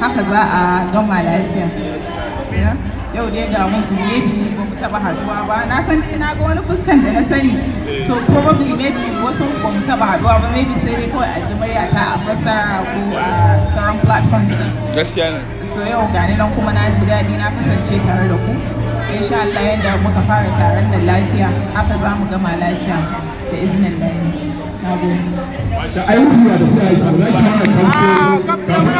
haka za a gama lafiya yau dai ga mun maybe ba mu taba haduwa ba na san dai na ga wani fuskan da na sani so probably maybe wasu ba mu taba haduwa ba maybe sai dai kawai a ji murya ta a fassara ko a sauran platform. din gaskiya ne so yau ga ni nan kuma na ji daɗi na kasance tare da ku insha Allah yadda muka fara taron nan lafiya haka za mu gama lafiya da izinin Allah na gode da ayyuka da sai a yi sauraki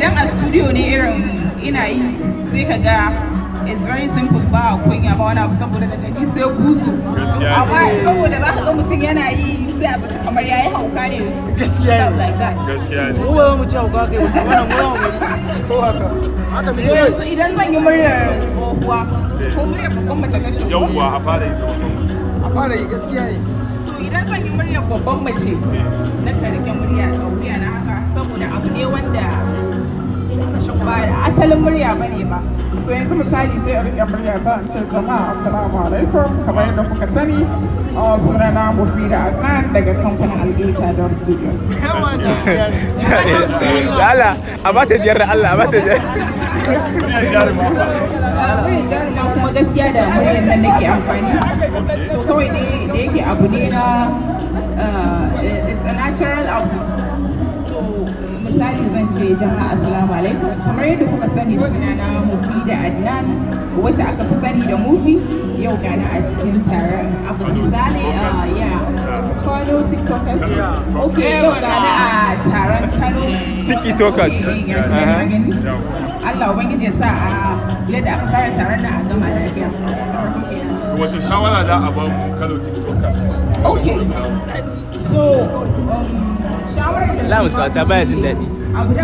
idan a studio ne irin ina yi sai ka ga it's very simple ba a kunya ba wani abu saboda daga ni sai guzu amma saboda za ka ga mutum yana yi sai a bace kamar yayi hauka ne gaskiya ne gaskiya ne ko ba za mu ci hauka kai wannan ko haka haka me yanzu idan zan yi muryar tsohuwa eh. ko murya babban mace kashe yawwa a fara yi a fara yi gaskiya ne so idan zan yi muryar babban mace eh. na ka karike murya tsohuwa asalin murya ba ne ba so yanzu misali sai a rike murya ta an ce jama'a assalamu alaikum kamar yadda kuka sani suna na mufira adnan daga kamfanin algeta dot studio da a ba ta biyar da Allah a ba ta biyar jaruma kuma gaskiya da muryar nan nake amfani so kawai da yake abu ne na eh, it's a natural abu misali zan ce jama'a assalamu alaikum kamar yadda kuka sani adnan wacce aka fi sani da mufi yau gani a cikin taron abu misali ya kano tiktokers ok yau gani a taron kano tiktokers Allah ubangiji ya sa a yadda aka fara taron nan a gama lafiya wato shawara da a kano tiktokers ok Lamusa um, ta baya jin daɗi.